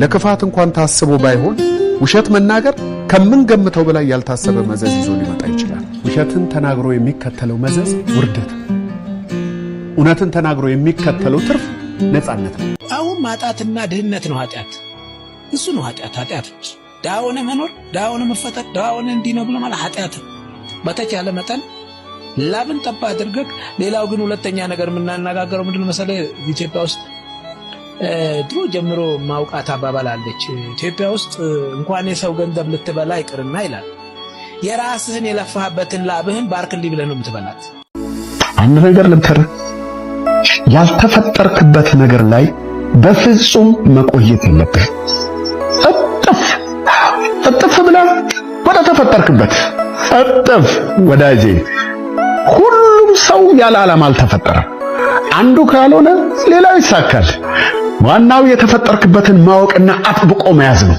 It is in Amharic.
ለክፋት እንኳን ታስቦ ባይሆን ውሸት መናገር ከምንገምተው በላይ ያልታሰበ መዘዝ ይዞ ሊመጣ ይችላል። ውሸትን ተናግሮ የሚከተለው መዘዝ ውርደት፣ እውነትን ተናግሮ የሚከተለው ትርፍ ነፃነት ነው። አሁን ማጣትና ድህነት ነው ኃጢአት። እሱ ነው ኃጢአት። ኃጢአቶች ዳሆነ መኖር፣ ዳሆነ መፈጠር፣ ዳሆነ ሆነ እንዲህ ነው ብሎ ማለት ኃጢአት ነው። በተቻለ መጠን ላብን ጠባ አድርገህ ሌላው ግን ሁለተኛ ነገር የምናነጋገረው ምንድን መሰለህ ኢትዮጵያ ውስጥ ድሮ ጀምሮ ማውቃት አባባል አለች። ኢትዮጵያ ውስጥ እንኳን የሰው ገንዘብ ልትበላ ይቅርና ይላል የራስህን የለፋህበትን ላብህን ባርክልኝ ብለህ ነው የምትበላት። አንድ ነገር ልምከር፣ ያልተፈጠርክበት ነገር ላይ በፍጹም መቆየት የለብህ። እጥፍ እጥፍ ብለህ ወደ ተፈጠርክበት እጥፍ። ወዳጄ ሁሉም ሰው ያለ ዓላማ አልተፈጠረም። አንዱ ካልሆነ ሌላው ይሳካል። ዋናው የተፈጠርክበትን ማወቅና አጥብቆ መያዝ ነው።